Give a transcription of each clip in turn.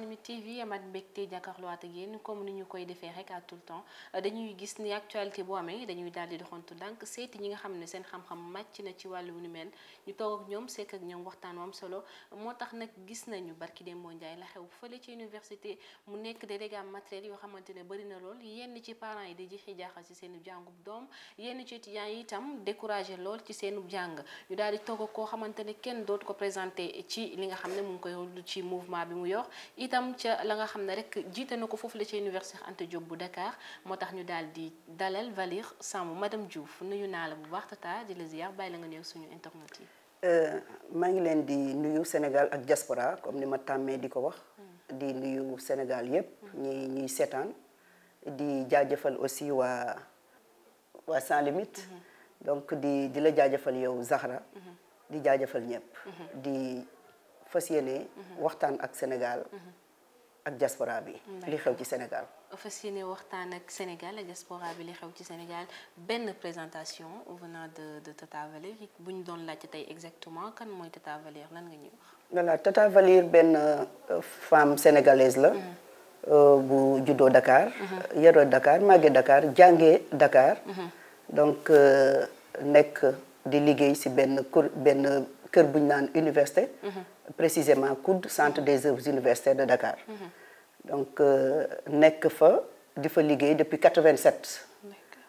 sans limite TV amat mbégte koy defee rek à tout le temps dañuy gis ni actualité bu amee dañuy daal ñi nga xam ne seen xam-xam màcc na ci wàllu nu mel ñu toog ak ñoom sekk ak ñoom waxtaan wam moo tax nag gis nañu barki Dembo Ndiaye la xew fële ci université mu nekk de dégâts matériels yoo xamante ne bëri na lool yenn ci parent yi di jixi jaaxal ci seen jàngub doom yenn ci étudiants yi itam découragé lool ci seen jàng ñu daal di toog koo xamante ne kenn dootu ko présenté ci li nga xam ne mu ngi koy ci mouvement bi mu yor itam ca la nga xam ne rek jiite na ko foofu la ca université Anta Diop bu Dakar moo tax ñu daal di dalal Valir Samb madame Diouf nuyu naa la bu baax tata di la ziar bàyyi la nga nuyu suñu internet yi. Euh, maa ngi leen di nuyu Sénégal ak diaspora comme ni ma tàmmee di ko wax. Hmm. di nuyu Sénégal yépp hmm. ñi ñuy seetaan di jaajëfal aussi waa waa Sans hmm. di di la jaajëfal yow Zahra. di jaajëfal ñépp fas yéene waxtaan ak Sénégal ak diaspora bi li xew ci Sénégal fas yéene waxtaan ak Sénégal ak diaspora bi li xew ci Sénégal benn présentation venant de de Tata Valir bu ñu doon laajte tey exactement kan mooy Tata Valir lan nga ñëw voilà Tata Valir benn euh, femme sénégalaise la mm-hmm. euh, bu juddoo Dakar mm-hmm. yaroo Dakar màggee Dakar jàngee Dakar mm-hmm. donc euh, nekk di liggéey ci benn kur benn kër bu ñu naan université. précisément COUD centre des œuvres universitaires de Dakar. donc euh, nekk fa di fa liggéey depuis 87.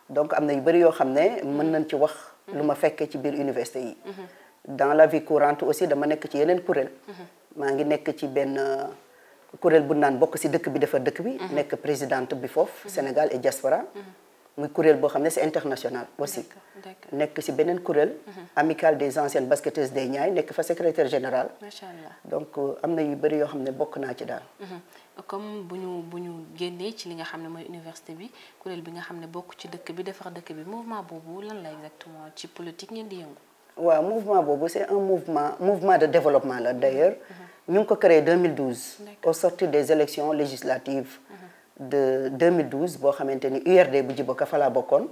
donc am na yu bëri yoo xam ne mën nañ ci wax. lu ma fekkee ci biir université yi. dans la vie courante aussi dama nekk ci yeneen kuréel. maa ngi nekk ci benn kuréel bu naan bokk si dëkk bi defar dëkk bi. nekk présidente bi foofu Sénégal et diaspora. muy kuréel boo xam ne c'est international aussi nekk ci beneen kuréel mhm. amicale des anciennes basketteuses des Niayes nekk fa secrétaire général donc euh, am na yu bëri yoo xam ne bokk naa ci daal mhm. comme bu ñu génnee ci li nga xam ne mooy université bi kuréel bi nga xam ne bokk ci dëkk bi defar dëkk bi mouvement boobu lan la exactement ci politique ngeen di yëngu waaw mouvement boobu c'est un mouvement de développement la d'ailleurs mhm. ñu ngi ko créé au sortir des de 2012 boo xamante ni URD bu Djibo Ka fa laa bokkoon.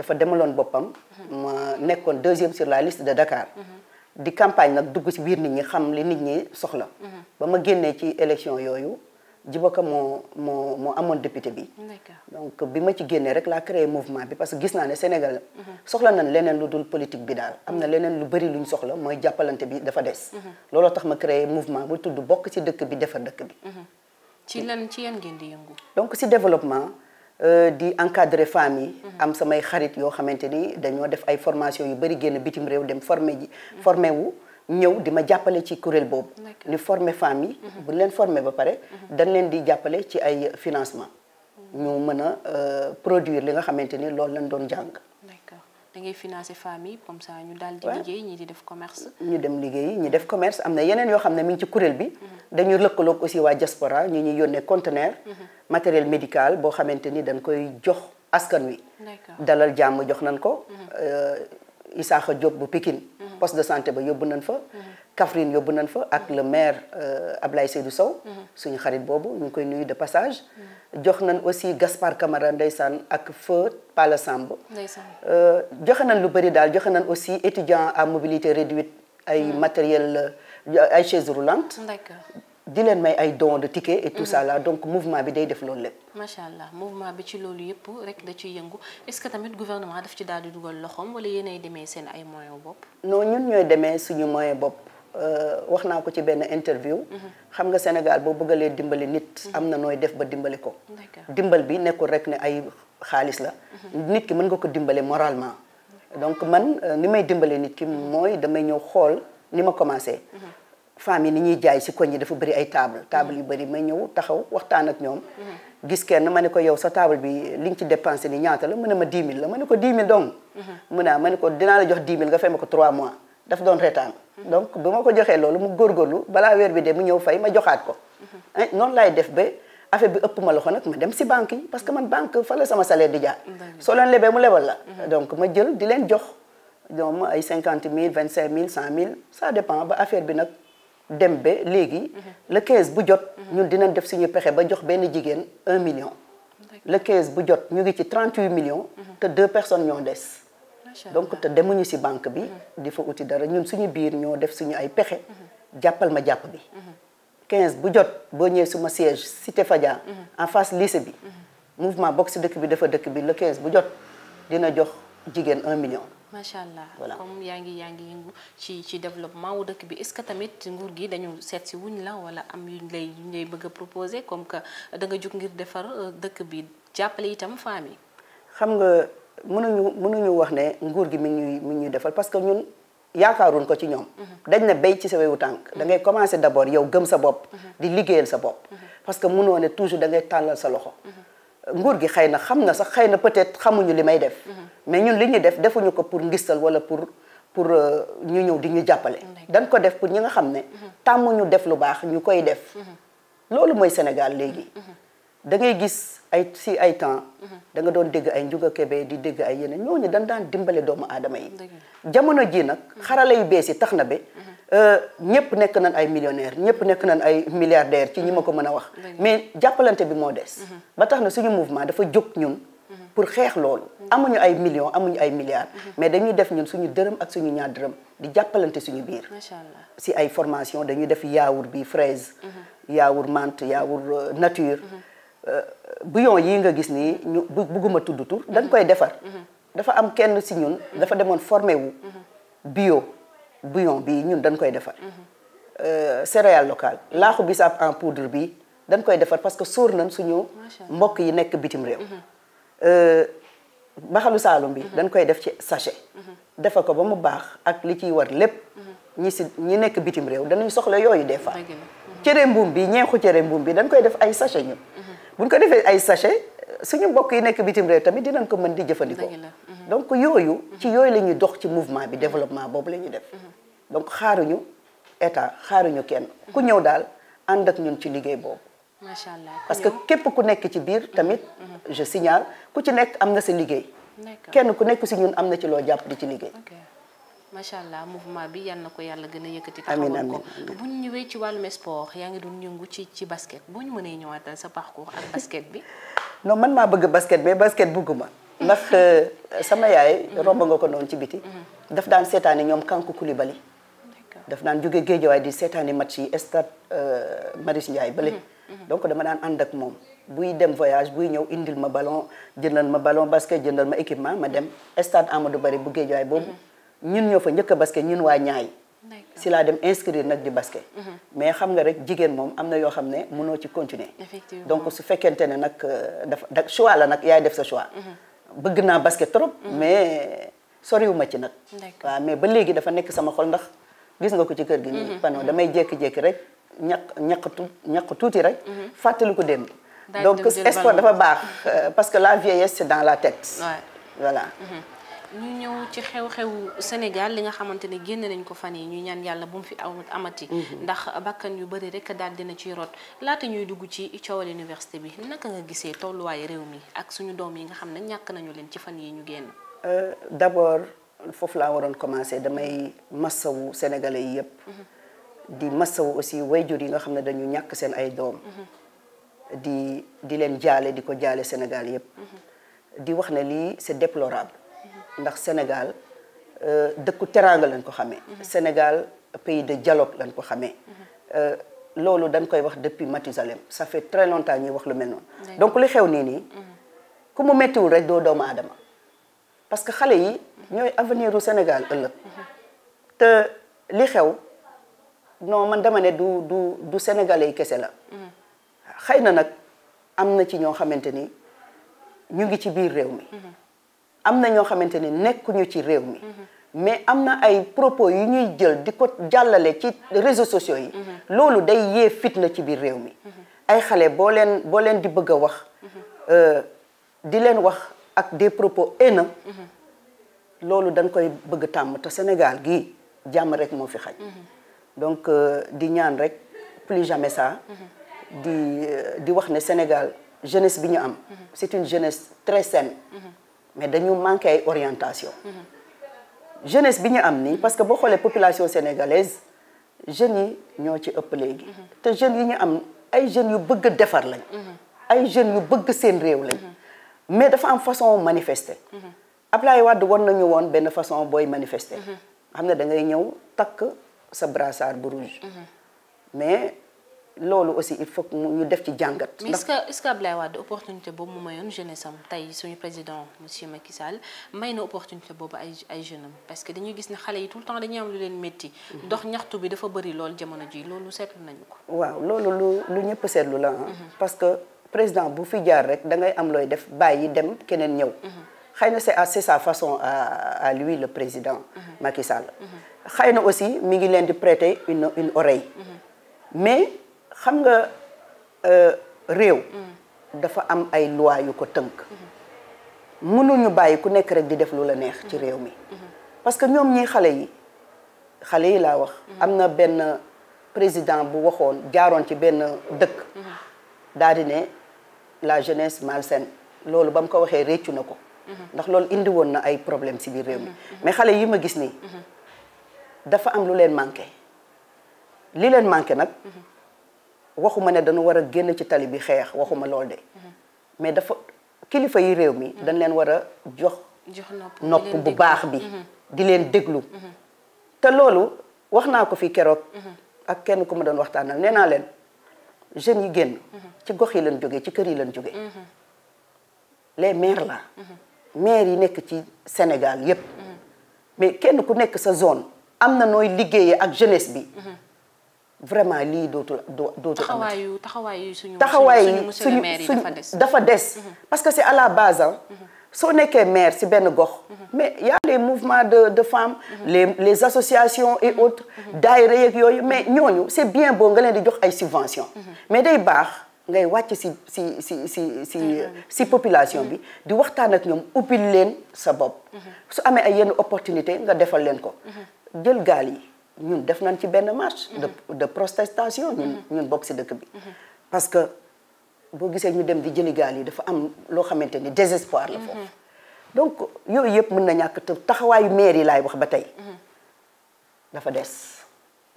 dafa demaloon boppam. Mhm. ma nekkoon deuxième sur la liste de Dakar. Mhm. di campagne nag dugg ci biir nit ñi xam li nit ñi soxla. Mhm. ba ma génnee ci élection yooyu Djibo Ka moo moo moo amoon député bi. donc bi ma ci génnee rek laa créé mouvement bi parce que gis naa ne Sénégal. soxla nañ leneen lu dul politique bi daal am na leneen lu bari luñ soxla mooy jàppalante bi dafa des. looloo tax ma créé mouvement bu ci dëkk bi defar dëkk bi. ci lan ci yan ngeen di yëngu. donc si développement euh, di encadrer femmes yi. Mhm. am samay xarit yoo xamante ni dañoo def ay formation yu bëri génn bitim réew dem formé ji. Mhm. formé wu ñëw di ma jàppale ci kuréel boobu. ni former femmes yi. Mhm. bu ñu leen former ba pare. dañ leen di jàppale ci ay financement ñu mën a euh, produire li nga xamante ni loolu lañ doon jàng. da ngay financer famille comme ça ñu daal di liggéey ñi di def commerce ñu dem liggéey ñi def commerce am na yeneen yoo xam ne mi ci kuréel bi mhm. dañu lëkkaloog aussi waa diaspora ñu ñuy yónnee conteneur mhm. matériel médical boo xamante ni dañ koy jox askan wi dalal jàmm jox nañ ko mhm. euh, Isaaxa Diop bu Pikine poste de santé ba yóbbu nañ fa. Kaffrine yóbbu nañ fa ak le maire euh, Ablaye Seydou Sow. suñu xarit boobu ñu ngi koy nuyu de passage. jox nañ aussi Gaspard Camara ndeysaan ak feu Pala Samb. Euh, joxe nañ lu bëri daal joxe nañ aussi étudiant à mobilité réduite ay mm. matériel euh, ay chaise roulante. di leen may ay dons de ticket et tout ça là mhm. donc mouvement bi day def loolu lépp. macha allah mouvement bi ci loolu yëpp rek da ciy yëngu est tamit gouvernement daf ci daal di dugal loxoom wala yéenay seen ay moyens bopp. non ñun ñooy demee suñu moyen bopp euh, wax naa ko ci benn interview. Mhm. xam nga Sénégal boo bëggalee dimbali nit. Mhm. am na nooy def ba dimbali ko. dimbal bi nekkul rek ne ay xaalis la. nit ki mën nga ko dimbali moralement. donc man euh, ni may dimbali nit ki mooy damay ñëw xool ni ma commencé. femmes yi ni ñuy jaay si koñ yi dafa bëri ay table table yu bëri may ñëw taxaw waxtaan ak ñoom mhm. gis kenn ma ne ko yow sa table bi li nga ci dépensé ni ñaata la mu ne ma 10 000 la ma ne ko 10 000 mhm. mhm. donc ma joxaat ko eh, noonu laay def ba affaire bi ëpp ma loxo nag ma dem si banque yi parce que man banque fa la sama salaire di jaar soo leen lebee mu lebal la donc ma jël di leen jox ñoom ay 50 000 25 000 100 000 ça dépend ba affaire bi nag dem ba léegi. Mhm. le 15 bu jot. Mhm. ñun dinañ def suñu pexe ba jox benn jigéen 1 million. le 15 bu jot ñu ngi ci 38 millions. Mhm. te deux personnes ñoo des. donc te demuñu ci banque bi. di fa uti dara ñun suñu biir ñoo def suñu ay pexe. jàppal ma jàpp bi. quinze bu jot boo ñëwee suma siège cité Fadia. en face lycée bi. mouvement bokk si dëkk bi dafa dëkk bi le 15 bu jot dina jox jigéen 1 million. macha allah voilà comme yaa ngi yaa ngi yëngu ci ci développement wu dëkk bi est ce que tamit nguur gi dañu seet si wuñ la wala am yuñ lay yuñ lay bëgg proposé comme que da nga jug ngir defar euh, dëkk bi jàppale itam femmes yi. xam nga mënuñu mënuñu wax ne nguur gi mi ñuy mi ñuy defal parce que ñun. yaakaaruñ ko ci ñoom mhm. dañ na bay ci sa wewu tànk mhm. da ngay commencer d'abord yow gëm sa bopp mhm. di liggéeyal sa bopp parce que mënoo ne toujours da ngay sa loxo nguur gi xëy na xam na sax xëy na peut-être xamuñu li may def mhm. mais ñun li ñu def defuñu ko pour ngistal wala pour pour euh, ñu ñëw di ñu jàppale dañ ko def pour ñi nga xam ne mhm. ñu def lu baax ñu koy def mhm. loolu mooy Sénégal léegi da ngay gis ay si ay temps da nga doon dégg ay Ndiouga Kébé di dégg ay yeneen ñooñu dañ daan dimbale doomu aadama yi jamono ji nag xarala yu bees yi tax na bi Euh, ñëpp nekk nañ ay millionaire ñëpp nekk nañ ay milliardaires ci ñi ma ko mën a wax. mais jàppalante bi moo des. Mhm. ba tax na suñu mouvement dafa jóg ñun. Mhm. pour xeex loolu. Mhm. amuñu ay millions amuñu ay milliards. mais dañuy def ñun suñu dërëm ak suñu ñaar dërëm di jàppalante suñu biir. macha allah si ay formation dañuy def yaawur bi fraise. yaawur menthe yaawur euh, nature. Euh, bouillon yi nga gis nii ñu bugguma tudd tur dañ koy defar. dafa am kenn si ñun. dafa demoon formé wu bio. bouillon bi ñun dañ koy defar. Euh, céréales locales laaxu bisaab en poudre bi dañ koy defar parce que sóor nañ suñu mbokk yi nekk bitim réew. Mhm. Euh, baxalu saalum bi mhm. dañ koy def ci sachet. Mhm. defar ko ba mu baax ak li ciy war lépp. ñi si ñi nekk bitim réew danañ soxla yooyu des fois. cere mbuum bi ñeexu cere mbuum bi dañ koy def ay sachet ñun. buñ ko defee ay sachet suñu mbokk yi nekk bitim réew tamit dinañ ko mën di jëfandikoo. donc yooyu ci yooyu la dox ci mouvement bi développement boobu la def. donc xaaruñu état xaaruñu kenn ku ñëw daal ànd ak ñun ci liggéey boobu. macha allah parce que képp ku nekk ci biir tamit. Mm-hmm, mm-hmm. je signale ku ci nekk am na sa liggéey. kenn ku nekk si ñun am na ci loo jàpp di ci liggéey. macha allah mouvement bi yal na ko yàlla gën a yëkkati. amiin amiin bu ñu ñëwee ci wàllum sport yaa ngi doon yëngu ci ci basket boo ñu mënee ñëwaat sa parcours ak basket bi. non man maa bëgg basket mais basket bëgguma ndax euh, sama yaay. Mm-hmm. romb nga ko noonu ci biti. daf daan seetaani ñoom Kanku Koulibaly. daf naan jóge géejawaay di seetaani match yi stade euh, Marius Ndiaye bële mhm, mhm. donc dama daan ànd ak moom buy dem voyage buy ñëw indil ma ballon jëndal ma ballon basket jëndal ma équipement ma dem stade Amadou Barry bu géejawaay boobu mhm. ñun ñoo fa njëkk a basket ñun waa ñaay si laa dem inscrire nag di basket mais xam nga rek jigéen moom am na yoo xam ne mënoo ci continuer donc su fekkente ne nag euh, dafa da choix la nag yaay def sa choix bëgg naa basket trop mais soriwu ma ci nag waaw mais ba léegi dafa nekk sama xol ndax gis nga ko ci kër gi mm-hmm. nii panneau damay jékki-jékki rek ñaq ñaq ñaq tuuti rek mm-hmm. fàttali ko démb donc sport dafa baax euh, parce que la vieillesse c'est dans la tête voilà mm-hmm. ñu ñëw ci xew xew Sénégal li nga xamante ni génn nañ ko fan yi ñuy ñaan yàlla bu mu fi amati. ndax bakkan yu bari rek daal dina ci rot laata ñuy dugg ci coowal université bi naka nga gisee tolluwaayu réew mi ak suñu doom yi nga xam ne ñàkk nañu leen ci fan yi ñu génn. Euh, foofu laa waroon commencé damay massawu sénégalais yi yëpp. di massawu aussi wayjur yi nga xam ne dañu ñàkk seen ay doom. di di leen jaale di ko jaale Sénégal yëpp. di wax ne lii c'est déplorable. ndax Sénégal euh, dëkku teraanga lañ ko xamee. Sénégal pays de dialogue lañ ko xamee. Euh, loolu dañ koy wax depuis Mathusalem ça fait très longtemps ñuy wax lu mel noonu. donc li xew nii nii. ku mu méttiwul rek doo doomu aadama. parce que xale yi ñooy avenir u Sénégal ëllëg te li xew non man dama ne du du du sénégalais kese la xëy na nag am na ci ñoo xamante ni ñu ngi ci biir réew mi am na ñoo xamante ni nekkuñu ci réew mi mais am na ay propos yu ñuy jël di ko jàllale ci réseaux sociaux yi loolu day yee fitna ci biir réew mi ay xale boo leen boo leen di bëgg a wax euh, di leen wax ak des propos haineux loolu dañ koy bëgg tàmm te Sénégal gi jàmm rek moo fi xaj donc euh, di ñaan rek plus jamais ça di euh, di wax ne Sénégal jeunesse bi ñu am c'est une jeunesse très saine mais dañu manqué ay orientation jeunesse bi ñu am nii parce que boo xoolee population sénégalaise jeunes yi ñoo ci ëpp léegi te jeunes yi ñu am ay jeunes yu bëgg defar lañ ay jeunes yu bëgg seen réew lañ mais dafa am façon manifester. Mhm. Ablaye Wade war nañu woon benn façon booy manifester. Mhm. xam ne da ngay ñëw takk sa brassard bu rouge. Mhm. mais loolu aussi il faut ñu def ci jàngat. mais est-ce que est-ce que Ablaye Wade opportunité boobu mu mayoon jeunesse am tey suñu président monsieur Macky Sall may na opportunité boobu ay ay jeunes am parce que dañuy gis ne xale yi tout le temps dañuy am lu leen métti. dox ñaxtu bi dafa bëri lool jamono ji loolu seetlu nañu ko. waaw loolu lu lu ñëpp la ah. président bu fi jaar rek da ngay am looy def bàyyi dem keneen ñëw. xëy na c'est à c'est sa façon a à lui président. Macky Sall. xëy na aussi mi ngi leen di prêter une une oreille. mais xam nga euh, réew. dafa am ay loi yu ko tënk. mënuñu bàyyi ku nekk rek di def lu la neex ci réew mi. parce que ñoom ñii xale yi xale yi laa wax. am na benn président bu waxoon jaaroon ci benn dëkk. daal la jeunesse malsaine loolu ba mu ko waxee réccu na ko ndax loolu indi woon na ay problème ci biir réew mi mais xale yi ma gis nii dafa am lu leen manqué li leen manqué nag waxuma ne dañu war a génn ci tali bi xeex waxuma lool de mais dafa kilifa yi réew mi dañ leen war a jox nopp bu baax bi mhm. di leen déglu mhm. te loolu wax naa ko fii keroog mhm. ak kenn ku ma doon waxtaanal leen jeunes yi génn ci gox yi lañ jógee ci kër yi lañ jógee les maires là maires yi nekk ci Sénégal yépp mais kenn ku nekk sa zone am na nooy liggéeyee ak jeunesse bi vraiment lii dootul dootul taxawaayu taxawaayu suñu taxawaayu suñu suñu dafa des parce que c'est à la base soo nekkee maire si benn gox mais y a les de de femmes les les et autres daayira yeeg yooyu mais ñooñu c'est bien beau nga leen di jox ay subventions mais day baax ngay wàcc si si si si si si population bi di waxtaan ak ñoom ubbil leen sa bopp su amee ay yenn opportunité nga defal leen ko jël gaal yi ñun def nañ ci benn marche de de protestation ñun bokk si dëkk bi parce que boo gisee ñu dem di jëli gaal yi dafa am loo xamante ni désespoir la foofu donc yooyu yëpp mën na ñàkk te taxawaayu maire yi wax ba tey dafa des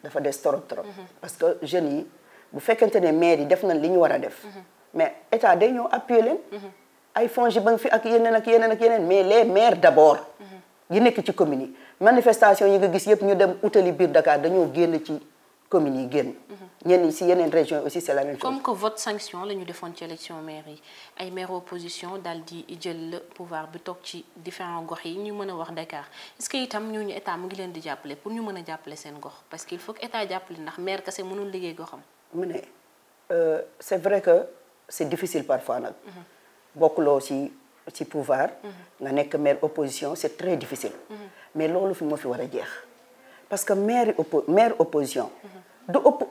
dafa des trop trop parce que jeunes yi bu fekkente ne maire yi def nañ li ñu war a def mais état day ñëw appuyer leen ay fonds yi ba fi ak yeneen ak yeneen ak yeneen mais les maires d'abord yi nekk ci communes manifestation yi nga gis yëpp ñu dem utali biir Dakar dañoo génn communes yi comme que vote sanction la defoon ci élection maire yi ay maire opposition daal di jël pouvoir bi toog ci différents gox yi ñu mën a wax Dakar est ce que itam ñooñu état mu ngi leen di jàppale pour ñu mën a jàppale seen gox parce que il faut que état jàppale ndax maire kese mënul liggéey goxam. mu ne euh, c' est vrai que c' difficile parfois nag. Mhm. bokkuloo ci ci pouvoir. Mhm. nga nekk maire opposition c' très difficile. Mhm. mais loolu fi moo fi war a jeex. parce que maire oppo maire opposition. du opp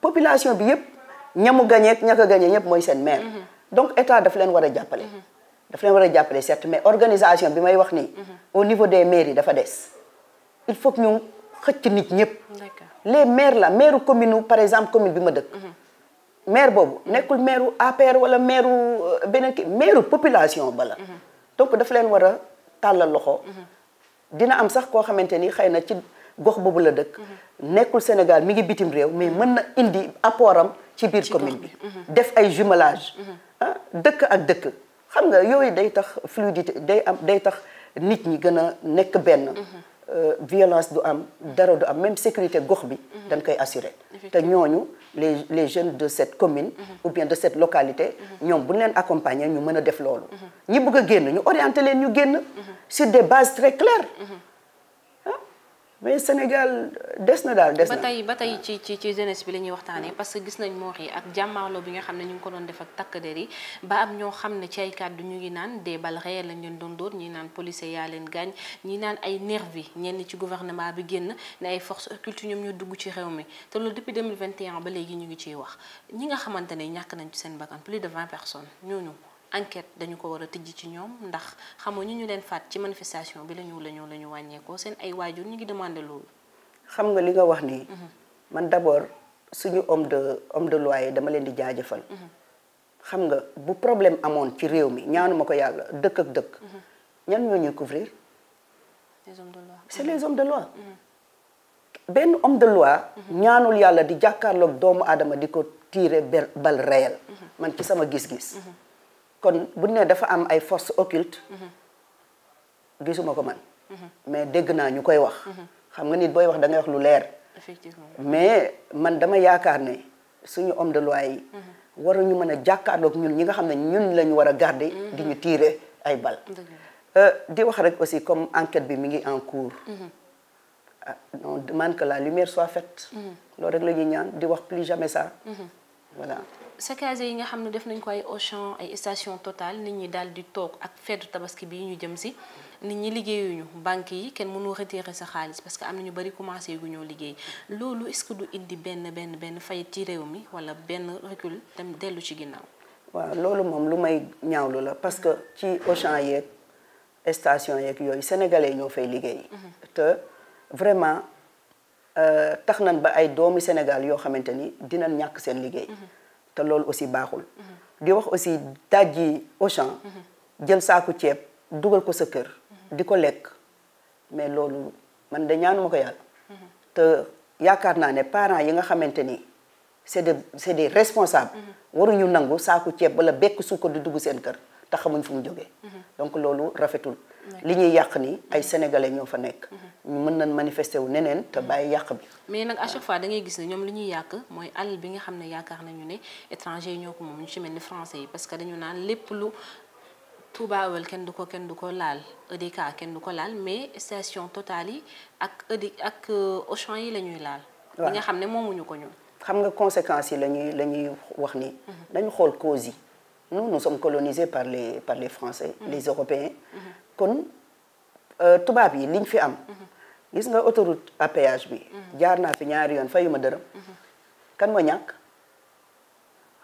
population bi yëpp ña mu ña ko gagné ñëpp mooy seen maire. donc état daf leen war a jàppale. daf leen war a jàppale certes mais organisation bi may wax nii. au niveau des maires yi dafa des. il faut que ñu xëcc nit ñëpp. les maire la maire commune par exemple commune bi ma dëkk. maire boobu nekkul maire APR wala maire euh, beneen kii maire population bala la. donc daf leen war a tàllal loxo. dina am sax koo xamante ni xëy na ci. gox boobu la dëkk mhm. nekkul Sénégal mi ngi bitim réew mais mën na indi apportam ci biir commune bi mhm. def ay jumelage mhm. ah dëkk ak dëkk xam nga yooyu day tax fluidité day am day tax nit ñi gën a nekk benn euh, violence du am dara du am même sécurité gox bi dañ koy assurer te ñooñu les les jeunes de cette commune ou bien de cette localité ñoom bu ñu leen accompagner ñu mën a def loolu ñi bëgg a ñu orienter ñu génn sur des bases très claires mais Sénégal des na daal des na. ba tey ba tey ci ci ci bi la ñuy waxtaanee parce que gis nañ moo yi ak jàmmaarloo bi nga xam ne ñu ngi ko doon def ak takk der yi ba am ñoo xam ne ci ay kàddu ñu ngi naan des balles réelles lañ leen doon dóor ñi naan policier yaa leen gaañ ñi naan ay nervi ñenn ci gouvernement bi génn ne ay forces occultes ñoom ñoo dugg ci réew mi te loolu depuis 2021 ba léegi ñu ngi ciy wax ñi nga xamante ne ñàkk nañ ci seen bakkan plus de 20 personnes ñooñu. enquête dañu ko war a tijj ci ñoom ndax xamoo ñu ñu leen faat ci manifestation bi la ñu la ñu la ñu wàññeekoo seen ay waajur ñu ngi demandé loolu. xam nga li nga wax nii. Mhm. man d'abord suñu homme de homme de loi yi dama leen di jaajëfal. Mhm. xam nga bu problème amoon ci réew mi ñaanuma ko yàlla dëkk ak dëkk. Mhm. ñan ñoo ñuy couvrir. les hommes de de loi. benn homme de loi. ñaanul yàlla di jàkkaarloog doomu aadama di ko tiire bal réel. man ci sama gis-gis. kon bu ne dafa am ay force occulte mhm. gisuma ko man mhm. mais dégg naa ñu koy wax mhm. xam nga nit booy wax dangay wax lu leer effectivement mais man dama yaakaar ne suñu homme de loi yi waruñu mën a jàkkaarloog ñun ñi nga xam ne ñun lañu war a garder di ñu tiire ay bal euh, di wax rek aussi comme enquête bi mi ngi en cours ah on demande que la lumière soit faite loolu rek la ñuy ñaan di wax plus jamais ça voilà saccage yi nga xam ne def nañ ko ay Auchan ay station totale nit ñi daal di toog ak feetu tabaski bi ñu jëm si nit ñi liggéeyuñu banque yi kenn mënu retirer sa xaalis parce que am na ñu bari commencé gu ñoo liggéey loolu est-ce du indi benn benn benn fayit ci réew mi walla benn recul dem dellu ci ginnaaw. waaw loolu moom lu may ñaawlu la parce que ci Auchan yeeg station yeeg yooyu sénégalais ñoo fay liggéey. Mhm. te vraiment euh, tax nañ ba ay doomi Sénégal yoo xamante ni dina ñàkk seen liggéey. Mhm. te loolu aussi baaxul di wax aussi dajji Auchan jël saaku ceeb dugal ko sa kër di ko lekk mais loolu man de ñaanuma ko yàlla te yaakaar naa ne parents yi nga xamante ni c'est de c'est des responsable waruñu nangu saaku ceeb wala bekk suukar di dugg seen kër te xamuñ fu mu jógee donc loolu rafetul li ñuy yàq nii ay sénégalais ñoo fa nekk. ñu mën nañ manifester wu neneen te bàyyi yàq bi. mais nag à chaque fois da ngay gis ne ñoom li ñuy yàq mooy àll bi nga xam ne yaakaar nañu ne étranger yi ñoo ko moom ñu ci mel ni français yi parce que dañu naan lépp lu. Toubaawel kenn du ko kenn du ko laal EDK kenn du ko laal mais station Total yi ak EDI ak euh, Auchan yi la ñuy laal. waaw li xam ne moomuñu ko ñun. xam nga conséquence yi lañuy ñuy la wax ni. Mhm. dañu xool causes yi nous nous colonisés par les par mhm. kon euh, tubaab yi liñ fi am. gis nga autoroute à péage bi. jaar naa fi ñaari yoon ma dërëm. kan moo ñàkk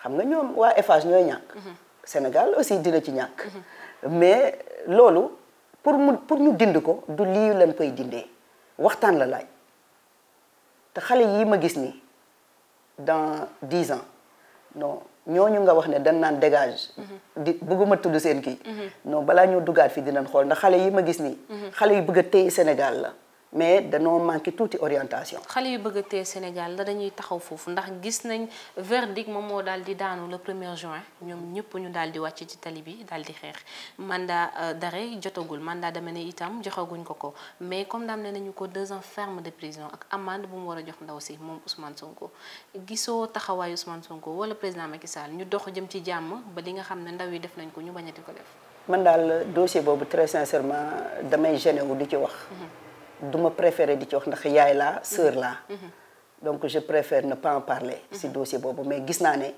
xam nga ñoom waa Eiffage ñooy ñàkk. Sénégal aussi dina ci ñàkk. mais loolu pour mu pour ñu dind ko du lii lañ koy dindee waxtaan la laaj te xale yii ma gis nii dans dix ans ñooñu nga wax ne dañ naan dégage. Mhm. di bëgguma tudd seen kii. Mhm. non balaa ñoo duggaat fii dina xool ndax xale yi ma gis nii. Mhm. xale yi bëgg a téye Sénégal la. mais danoo manqué tuuti orientation. xale yu bëgg a Sénégal la dañuy taxaw foofu ndax gis nañ verdict moom moo daal di daanu le premier juin ñoom ñëpp ñu daal di wàcc ci tali bi daal di xeex mandat euh, d'arrêt jotagul mandat d'amener itam joxaguñ ko ko mais comme daam ne nañu ko deux ans ferme de prison ak amende bu mu war a jox ndaw si moom Ousmane Sonko gisoo taxawaayu Ousmane Sonko wala président Macky Sall ñu dox jëm ci jàmm ba li nga xam ne ndaw yi def nañ ko ñu bañati ko def. man daal dossier boobu très sincèrement damay gêné wu di ci wax. Mhm. du ma préféré di ci wax ndax yaay laa sœur laa donc je préfère ne pas en parler si dossier boobu mais gis naa ne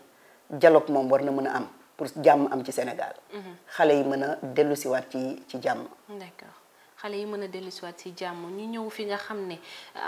dialogue moom war na mën a am pour jàmm am ci Sénégal mhm. xale yi mën a dellusiwaat ci ci jàmm d'accord xale yi mën a dellu dellusiwaat si jàmm ñu ñëw fi nga xam ne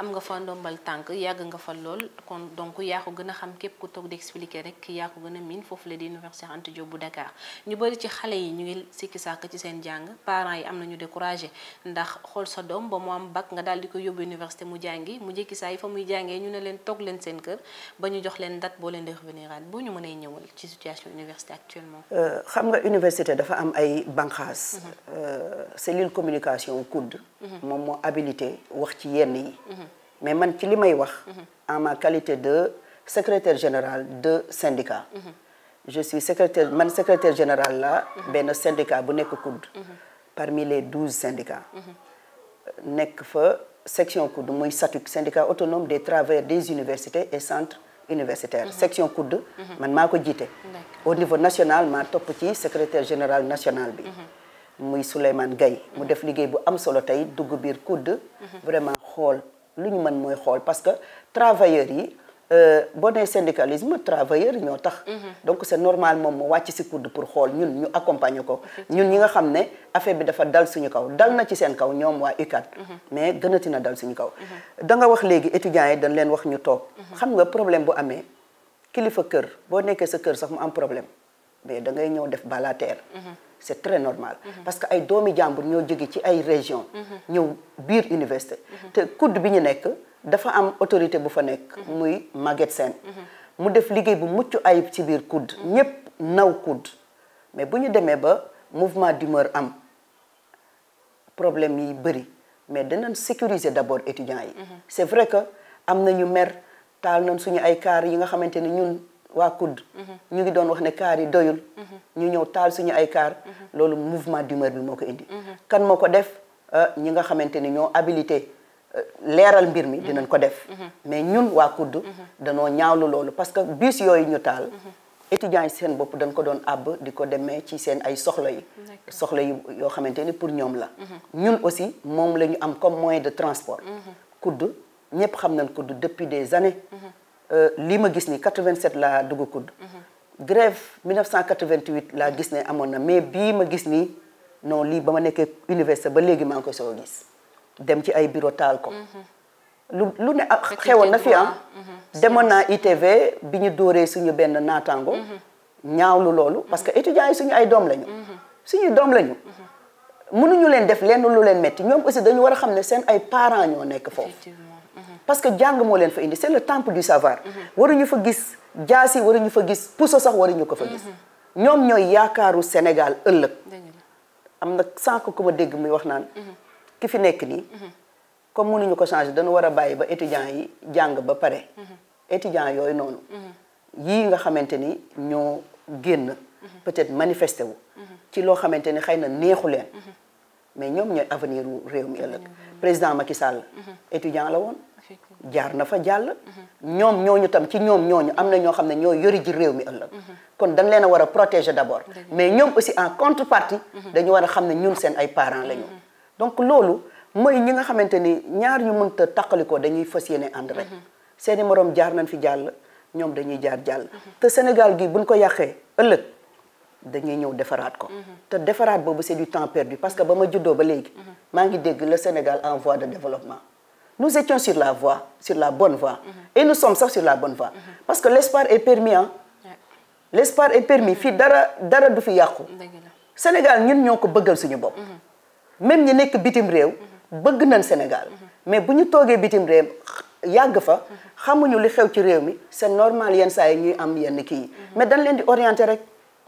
am nga fa ndombal tànk yàgg nga fa lool kon donc yaa ko gën a xam képp ku toog di expliquer rek yaa ko gën a miin foofu la di université Anta Diop bu Dakar ñu bëri ci xale yi ñu ngi sikki sàkk ci seen jàng parents yi am nañu découragé ndax xool sa doom ba mu am bac nga daal di ko yóbbu université mu jàngi mu jëkki saa yi fa muy jàngee ñu ne leen toog leen seen kër ba ñu jox leen date boo leen di revenir boo ñu mënee ñëwal ci situation université actuellement euh, xam nga université dafa am ay banqaas mhm. euh, cellule communication COUD. Mhm. moom moo habilité wax ci yenn mhm. mais man ci li may wax. Mhm. ma qualité de secrétaire général de syndicat. je suis secrétaire man secrétaire général la benn syndicat bu nekk COUD. parmi les douze syndicats. nekk fa section COUD muy SATUC syndicat autonome des travailleurs des universités et centres universitaires. section COUD. man maa ko jiite. au niveau national maa topp ci secrétaire général national muy Souleymane Gaye mu def liggéey bu am solo tey dugg biir kudd mhm. vraiment xool lu ñu mën mooy xool parce que travailleurs yi euh, boo nee syndicalisme travailleurs ñoo tax mhm. donc c'est normal moom mu wàcc si kudd pour xool ñun ñu accompagner ko ñun ñi nga xam ne affaire bi dafa dal suñu kaw dal na ci seen kaw ñoom waa UCAD mhm. mais gënati na dal suñu kaw da nga wax léegi étudiants yi dañ leen wax ñu toog xam nga problème bu amee kilifa kër boo nekkee sa kër sax mu am problème mais da ngay ñëw def c'est très normal parce que ay doomi jàmbur ñoo jóge ci ay région ñëw biir université te kudd bi ñu nekk dafa am autorité bu fa nekk muy Maguette Sène mu def liggéey bu mucc ayib ci biir kudd ñépp naw kudd mais bu ñu demee ba mouvement d'humeur am problème yi bëri mais danañ sécuriser d'abord étudiants yi c'est vrai que am nañu mer taal nañ suñu ay kaar yi nga xamante ni ñun waa kudd mhm. ñu ngi doon wax ne kaar yi doyul mhm. ñu ñëw taal suñu ay kaar mhm. loolu mouvement d'humeur bi moo ko indi kan moo ko def euh, ñi nga xamante ni ñoo habilité euh, leeral mbir mi dinañ ko def mais ñun waa kudd danoo ñaawlu loolu parce que bus yooyu ñu taal étudiants yi seen bopp dañ ko doon àbb di ko demee ci seen ay soxla yi soxla yi yoo xamante ni pour ñoom la ñun aussi moom la am comme moyen de transport kudd ñëpp xam na kudd depuis des années Euh, lii ma gis ni 87 laa dugg COUD. grève 1988 laa gis ne amoon na mais bii ma gis nii non lii ba ma nekkee université ba léegi maa ngi ko soo gis dem ci ay bureau taal ko. lu lu ne ak ah, xewoon na fi am ah. mhm, demoon naa ITV bi ñu dóoree suñu benn naataango. Mhm. ñaawlu loolu parce que étudiants yi suñu ay doom lañu. Mhm. suñuy doom lañu. mënuñu leen def lenn lu leen metti ñoom aussi dañu war a xam ne seen ay parents ñoo nekk foofu. parce que jàng moo leen fa indi c'est le temple du savoir mm-hmm. waruñu fa gis jaasi waruñu fa gis puso sax ñu ko fa gis mm-hmm. ñoom ñooy yaakaaru Sénégal ëllëg am na sànq ku ma dégg muy wax naan mm-hmm. ki fi nekk nii comme mënuñu ko changer dañu war a bàyyi ba étudiants yi jàng ba pare étudiants yooyu noonu yii nga xamante ni ñoo génn peut-être manifesté wu ci loo xamante ni xëy na neexu leen mais ñoom ñooy avenir u réew mi ëllëg président Macky Sall étudiant la jaar na fa jàll ñoom ñooñu tam ci ñoom ñooñu am na ñoo xam ne ñoo yori ji réew mi ëllëg kon dañ leen a war a protéger d'abord mais ñoom aussi en contrepartie mhm. dañu war a xam ne ñun seen ay parents lañu mhm. donc loolu mooy ñi nga xamante ni ñaar ñu mënta taqalikoo dañuy fas yéene ànd rek mhm. seeni moroom jaar nañ fi jàll ñoom dañuy jaar jàll te Sénégal gi buñ ko yàqee ëllëg dañuy ñëw defaraat ko te defaraat boobu c'est du temps perdu parce que ba ma juddoo nous étions sur la voie, sur la bonne voie. Et nous sommes sax sur la bonne voie. parce que l'espoir est permis ah. l'espoir est permis fii dara dara du fi yàqu. Sénégal ñun ñoo ko bëggal suñu bopp. Mhm. même ñi nekk bitim réew. Mhm. bëgg nañ Sénégal. Mhm. mais bu ñu toogee bitim réew yàgg fa. xamuñu lu xew ci réew mi c'est normal yenn saa yi ñuy am yenn kii yi. mais dañ leen di orienter rek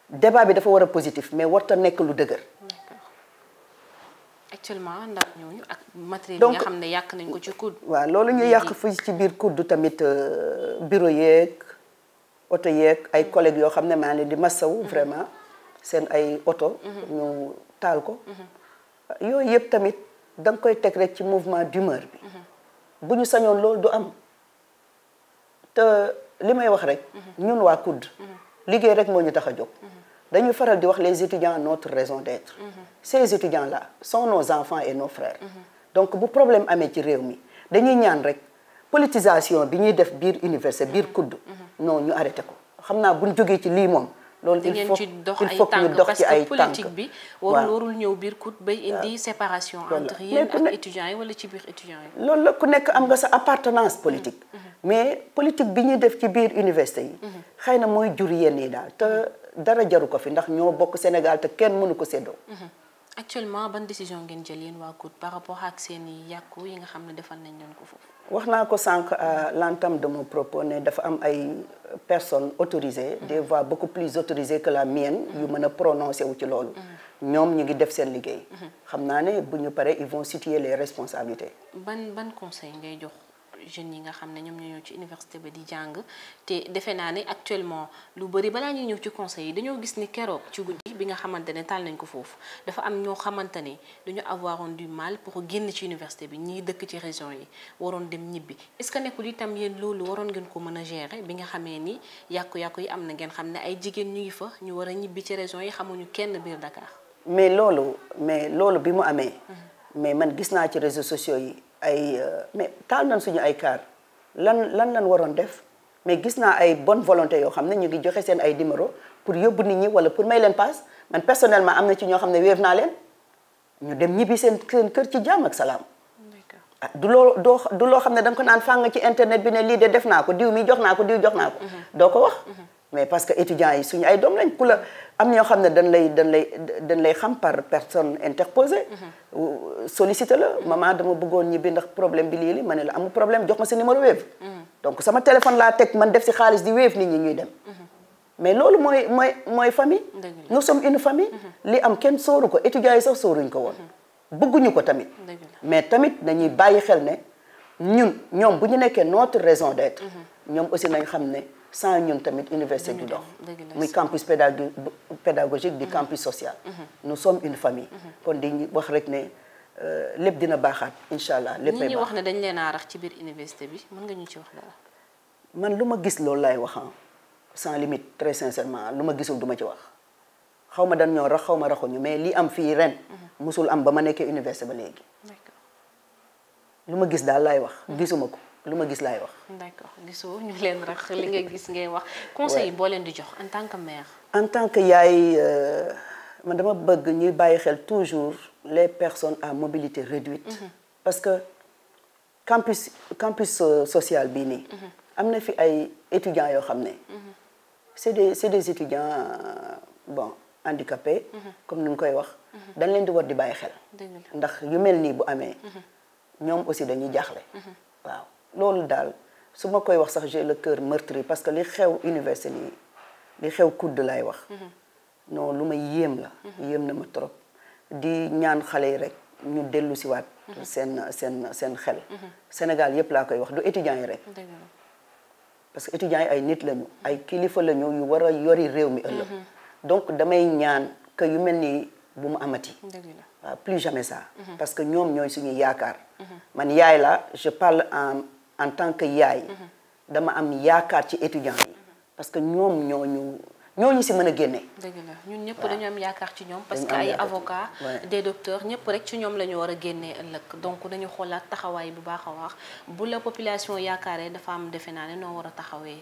débat bi dafa war a positif mais warta nekk lu dëgër. actuellement ndax ñooñu ak matériel yi nga xam ne yàq nañ ko ci kudd waaw loolu ñu yàq fii ci biir kudd tamit euh, bureau yeeg oto yeeg ay mhm. collègues yoo xam ne maa ne di massaw mhm. vraiment seen ay oto mhm. ñu taal ko yooyu yëpp tamit da koy teg rek ci mouvement d'humeur bi bu ñu sañoon loolu du am te li may wax rek ñun waa kudd liggéey rek moo ñu tax a jóg dañuy faral di wax les étudiants notre raison d'être ces étudiants là sont nos enfants et nos frères donc bu problème amee ci réew mi dañuy ñaan rek politisation bi ñuy def biir université biir kudd non ñu arrêté ko xam naa buñ jógee ci lii moom loolu il bi warul warul ñëw biir kut bay indi séparation entre yéen ak étudiants yi wala ci biir étudiants yi loolu la ku nekk am nga sa appartenance mm-hmm. politique mm-hmm. mais politique bi ñuy def ci biir université yi mm-hmm. xëy na mooy jur yenn yi daal dara jaru ko fi ndax ñoo bokk Sénégal te kenn mënu ko séddoo. Mhm. actuellement ban décision ngeen jël yéen waa COUD par rapport ak seen i yàqu yi nga xam ne defal nañ leen ko foofu. wax naa ko sànq à euh, l'entame de mon propos ne dafa am ay personnes autorisées. Mhm. des voix beaucoup plus autorisées que la mienne. Mhm. yu mën a prononcé wu ci loolu. ñoom ñu ngi def seen liggéey. xam naa ne bu ñu paree ils vont situer les responsabilités. ban ban conseil ngay jox. jeunes yi nga xam ne ñoom ñoo ñëw ci université ba di jàng te defe naa ne actuellement lu bëri balaa ñuy ñëw ci conseil yi dañoo gis ni keroog ci guddi bi nga xamante ne taal nañ ko foofu dafa am ñoo xamante ne dañu avaroon du mal pour génn ci université bi ñiy dëkk ci région yi waroon dem ñibbi est-ce que nekkul itam yéen loolu waroon ngeen ko mën a bi nga xamee ni yàqu-yàqu yi am na ngeen xam ne ay jigéen ñu ngi fa ñu war a ñibbi ci région yi xamuñu kenn biir Dakar mais loolu mais loolu bi mu amee mhm. mais man gis yi ay euh, mais taal nañ suñu ay car lan lan lan waroon def mais gis naa ay bonne volonté yoo xam ne ñu ngi joxe seen ay numéro pour yóbbu nit ñi wala pour may leen paas man personnellement am na ci ñoo xam ne wéev naa leen ñu dem ñibbi seen seen kër ci jàmm ak salaam. ah du loo doo du loo xam ne da ko naan fàng ci internet bi ne lii de def naa ko diw mi jox naa ko diw jox naa ko. Mhm. doo ko wax. Mhm. mais parce que étudiants yi suñu ay doom lañ ku la am ñoo xam ne dañ lay dañ lay dañ lay xam par personne interposée. Mhm. sollicité la mhm. maman dama bëggoon ñibbi ndax problème bi lii li ma ne la amul problème jox ma sa numéro wave mhm. donc sama téléphone laa teg man def si xaalis di wave nit ñi ñuy dem. mais loolu mooy mooy mooy famille. nous une famille. li am kenn sóoru ko étudiants yi sax sóoruñ ko woon. bëgguñu ko tamit. mais tamit nañuy bàyyi xel ne ñun ñoom bu ñu nekkee notre raison d'être. ñoom aussi nañ xam ne. sans ñun tamit université du dox muy campus pédagogique du mmh. campus social mmh. nous sommes une famille mmh. kon di wax rek ne euh, lépp dina baaxaat incha allah lépp ñi wax ci biir bi mën nga ñu ci wax man lu ma gis loolu laay wax sans limite très sincèrement lu ma gisul du ma ci wax xaw ma dañ ñoo rax xaw ma raxuñu mais li am fii ren musul am ba ma nekkee université ba léegi lu ma gis daal laay wax gisuma ko lu ma gis laay wax. d'accord gisoo ñu leen rax li nga gis ngay wax. conseil boo leen di jox en tant que mère. en tant que yaay euh, man dama bëgg ñuy bàyyi xel toujours les personnes à mobilité réduite. Mhm. parce que campus campus social bii nii. Mhm. am na fi ay étudiants yoo xam ne. Mhm. c'est des c'est des étudiants euh, bon handicapés. Mm -hmm. comme ni mu koy wax. dañ leen di war di bàyyi xel. ndax yu mel nii bu amee. ñoom aussi dañuy jaaxle. loolu daal su ma koy wax sax j'ai le cœur meurtri parce que li xew université nii li xew kudd lay wax mm-hmm. non lu ma yéem la mm-hmm. yéem na ma trop di ñaan xale yi rek ñu dellu si waat mm-hmm. seen seen seen xel Sénégal yépp laa koy wax du étudiants yi rek parce que étudiants yi ay nit lañu ay kilifa lañu yu war a yori réew mi ëllëg donc damay ñaan que yu mel nii bu mu amati waaw ah, plus jamais ça parce que ñoom ñooy suñuy yaakaar man yaay la je parle en tant que yaay dama am yaakaar ci étudiants yi parce que ñoom ñooñu ñooñu si mën a génne. dëgg la ñun ñëpp dañu am yaakaar ci ñoom. parce que ay avocats des docteurs ñëpp rek ci ñoom la ñu war a génnee ëllëg. donc dañu xoolaat taxawaay bu baax a wax bu la population yaakaaree dafa am defe naa ne noo war a taxawee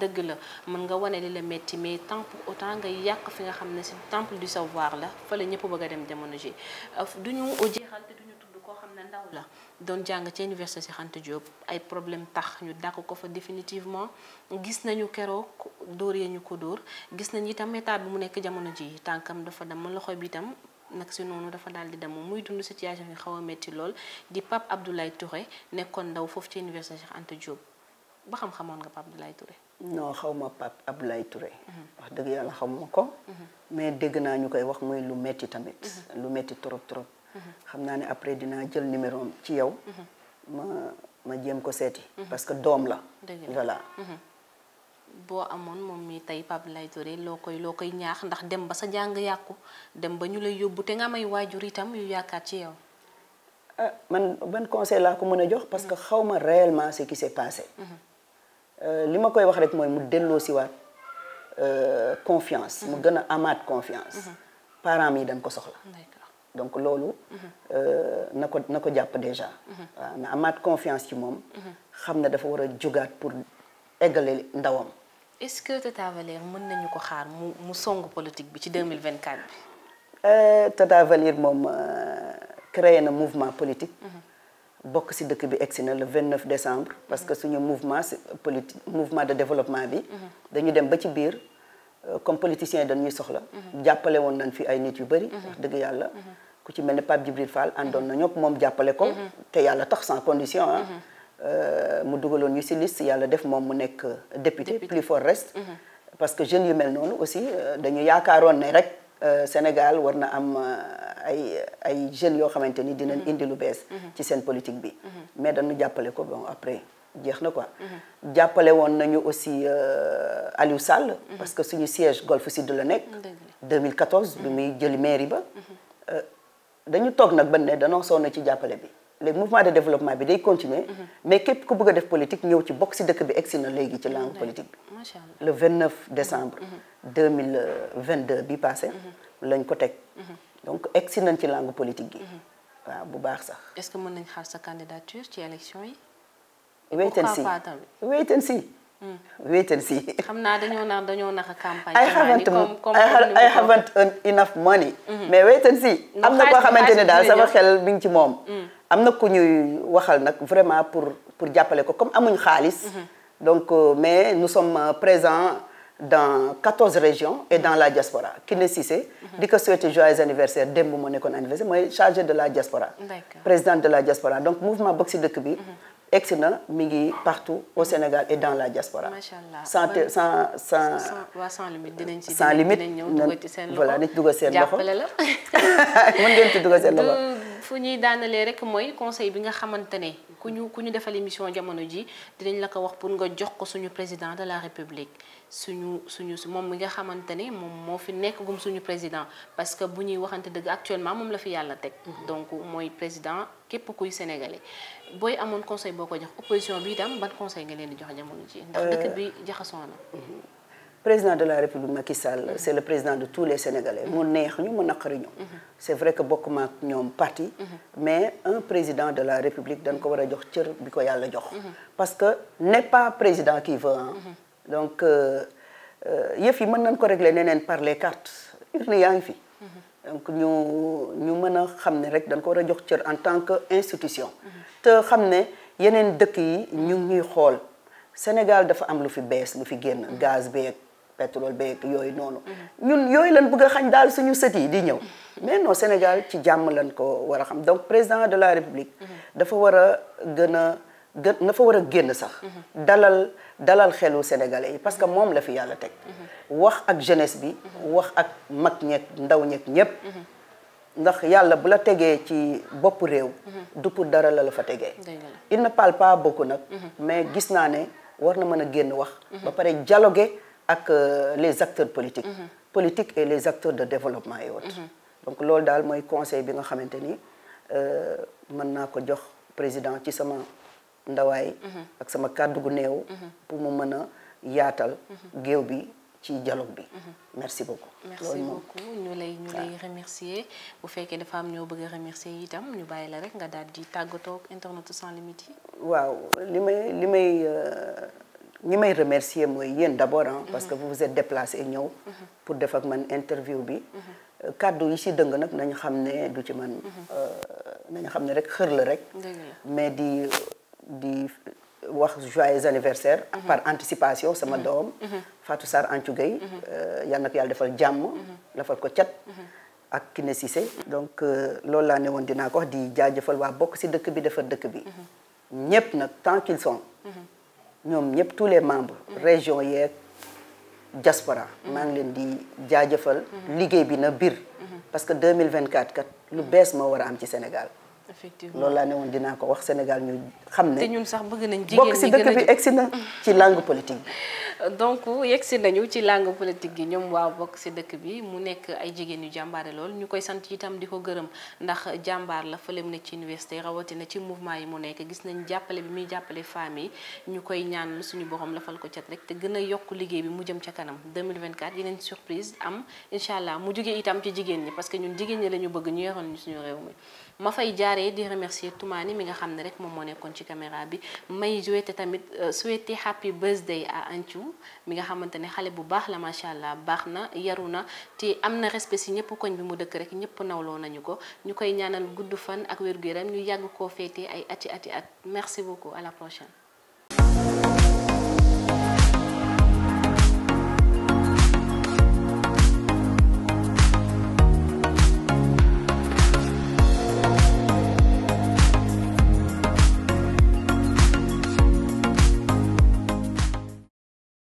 dëgg la mën nga wane li la métti mais tant pour autant nga yàq fi nga xam ne si temple du savoir la fële ñëpp bëgg a dem jamono ji du te doon jàng ci université Cheikh ante Diop ay problème tax ñu dàq ko fa définitivement gis nañu keroog dóor ya ñu ko dóor gis nañ itam état bi mu nekk jamono ji tànkam dafa dem loxo bi itam nag si noonu dafa daal di dem muy dund situation yi xaw a métti lool di Pape Abdoulaye Touré nekkoon ndaw foofu ci université Cheikh Anta Diop ba xam xamoon nga Pape Abdoulaye Touré. non xaw ma Pape Abdoulaye Touré. Mhm. wax dëgg yàlla xaw ma ko. Mhm. mais dégg naa ñu koy wax muy lu métti tamit. Mhm. lu métti trop trop. xam naa ne après dinaa jël numéro am ci yow. Mhm. ma ma jéem ko seeti. Mhm. parce que doom la. voilà. Mhm. boo amoon moom mi tey Pape Lay Touré loo koy ñaax ndax dem ba sa jàng yàqu dem ba ñu lay yóbbu te nga may waajur itam yu yaakaar ci yow. Ah, man ban conseil laa ko mën a jox parce que xaw ma réellement ce qui s'est passé. Euh, li ma koy wax rek mooy mu delloo siwaat euh, confiance. mu gën a amaat confiance. parents yi dañ ko soxla. donc loolu. Euh, na ko na ko jàpp déjà. waaw na amaat confiance ci moom. xam ne dafa war a jógaat pour eggale ndawam. est-ce que Tata Valère mën nañu ko xaar mu mu song politique bi ci 2024 bi. Euh, Tata Valère moom euh, créé na mouvement politique. bokk si dëkk bi egsi na le 29 décembre. parce que suñu mouvement politique mouvement de développement bi. dañu dem ba ci biir comme politiciens dañuy soxla. jàppale woon nañ fi ay nit yu bari. wax dëgg yàlla. ku ci mel ne Pape Djibril Fall àndoon na ñëpp moom jàppale ko. Mhm. te yàlla tax sans condition ah. mu dugaloon ñu si liste yàlla def moom mu nekk député plus fort reste. Mhm. parce que jeunes yu mel noonu aussi euh, dañu yaakaaroon ne rek euh, Sénégal war na am ay ay jeunes yoo xamante ni dinañ indi lu bees. ci seen politique bi. mais dañu jàppale ko bon après jeex na quoi. jàppale woon nañu aussi Aliou Sall. parce que suñu siège Golf Sud la nekk. 2014 bi muy jëli mairie ba. dañu toog nag ba ne danoo sonn ci jàppale bi léegi mouvement de développement bi day continuer mhm. mais képp ku bëgg a def politique ñëw ci bokk si dëkk bi egsi na léegi ci langue mhm. politique bi le 29 décembre 2022 mhm. bi passé lañ ko teg donc egsi nañ ci langue politique gi waaw bu baax sax est-ce que mën nañ xaar sa candidature ci élection yi wait and see wait Hmm. wait and si xam naa dañoo naan dañoo nax a campagne. ay xamante ay mais wait and see. am na koo xamante ne daal sama xel mi ngi ci moom. Mm. am na ku ñuy waxal nag vraiment pour pour jàppale ko comme amuñ xaalis. Mm-hmm. donc euh, mais nu sommes euh, présents dans 14 régions et dans la diaspora Kiné Cissé. Mm-hmm. di ko souhaiter joyeux anniversaire démb moo nekkoon anniversaire mooy chargé de la diaspora. présidente de la diaspora donc mouvement bokk si dëkk bi. Mm-hmm. egsi na mi ngi partout au Sénégal et dans la diaspora. macha allah sans sans sans. san limite dinañ ci dinañ ñëw seen loxo voilà nañ dugal seen loxo jàppale la. mën ngeen ci dugal seen loxo. fu ñuy daanalee rek mooy conseil bi nga xamante ne ku ñu ku ñu defal émission jamono ji dinañ la ko wax pour nga jox ko suñu président de la république. suñu suñu moom mi nga xamante ni moom moo fi nekk gum suñu président parce que bu ñuy waxante dëgg actuellement moom la fi yàlla teg. Mhm. donc mooy président képp kuy sénégalais booy amoon conseil boo ko jox opposition bi itam ban conseil nga leen di jox jamono ji ndax dëkk euh, bi jaxasoo na. Mhm. président de la république Macky Sall. Mhm. c'est le président de tous les sénégalais. mu neex ñu mu naqari ñu. c'est vrai que bokkuma ak ñoom parti. mais un président de la république dañ ko war a jox cër bi ko yàlla donc euh, euh, yëf yi mën nañ ko régler neneen par les cartes urne yaa ngi fi. donc ñu ñu mën a xam ne rek dañ ko war a jox cër en tant que institution. te xam ne yeneen dëkk yi ñu ngi ñuy xool Sénégal dafa am lu fi bees lu fi génn gaz beeg pétrole beeg yooyu noonu. ñun yooyu lañ bëgg a xañ daal suñu set yi di ñëw. mais non Sénégal ci jàmm lañ ko war a xam donc président de la République. dafa war a gën a gën dafa war a génn sax. Mhm. dalal. dalal xelu sénégalais yi parce que moom la fi yàlla teg wax ak jeunesse bi wax ak mag ñeeg ndaw ñeeg ñépp ndax yàlla bu la tegee ci bopp réew du pour dara la la fa tegee il ne parle pas beaucoup nag mais gis naa ne war na mën a génn wax ba pare dialoguer ak euh, les acteurs politiques politiques et les acteurs de développement et autres donc loolu daal mooy conseil bi nga xamante ni euh, mën naa ko jox président ci sama ndawaay mhm. ak sama kàddu gu néew mhm. pour mu mën a yaatal mhm. géew bi ci dialogue bi merci beaucoup merci beaucoup ñu lay ñu lay remercier bu fekkee dafa am ñoo bëgg a remercier itam ñu bàyyi la rek nga daal di tàggatoo ak internet sans limite yi waaw li may li may euh, ñi may remercier mooy yéen d'abord parce que vous vous déplacé ñëw pour def man interview bi euh, kàddu yi si dëng nag nañu xam ne du ci man euh, nañu xam ne rek xër la rek mais di di wax joyeux anniversaire mhm. par anticipation sama mhm. doom mhm. Fatou Sarr Anthiou Gueye euh, yal na ko yàlla defal jàmm defal ko cat ak Kiné Cissé donc euh, loolu laa ne woon dinaa ko wax di jaajëfal waa bokk ci dëkk bi defar dëkk bi ñëpp nag tant qu'ils sont ñoom ñëpp tous les membres région yeeg diaspora maa ngi leen di jaajëfal liggéey bi na biir parce que 2024 kat lu bees moo war a am ci Sénégal effectivement laa ne woon dinaa ko wax Sénégal ñu xam ne. te ñun sax bëgg nañ jigéen ñi gën a bokk si dëkk bi egsi na ci langue politique bi. donc yegsi nañu ci langue politique gi ñoom waaw bokk si dëkk bi mu nekk ay jigéen yu jàmbaare lool ñu koy sant itam di ko gërëm ndax jàmbaar la fëlem na ci université rawatina ci mouvement yi mu nekk gis nañ jàppale bi muy jàppale femmes yi ñu koy ñaanal suñu borom lafal ko cat rek te gën a yokk liggéey bi mu jëm ca kanam 2024 yeneen surprise am incha allah mu jógee itam ci jigéen ñi parce que ñun ñi la ñu bëgg ñu yoroon ñu suñu réew ma fay jaaree di remercier Toumani mi nga xam ne rek moom moo nekkoon ci caméra bi may souhaité tamit euh, souhaité happy birthday à Anthiou mi nga xamante ne xale bu baax la macha allah baax na yaru na te am na respect yi ñëpp koñ bi mu dëkk rek ñëpp nawloo nañu ko ñu koy ñaanal gudd fan ak wér gu yaram ñu yàgg koo féetee ay ati ati at merci beaucoup à la prochaine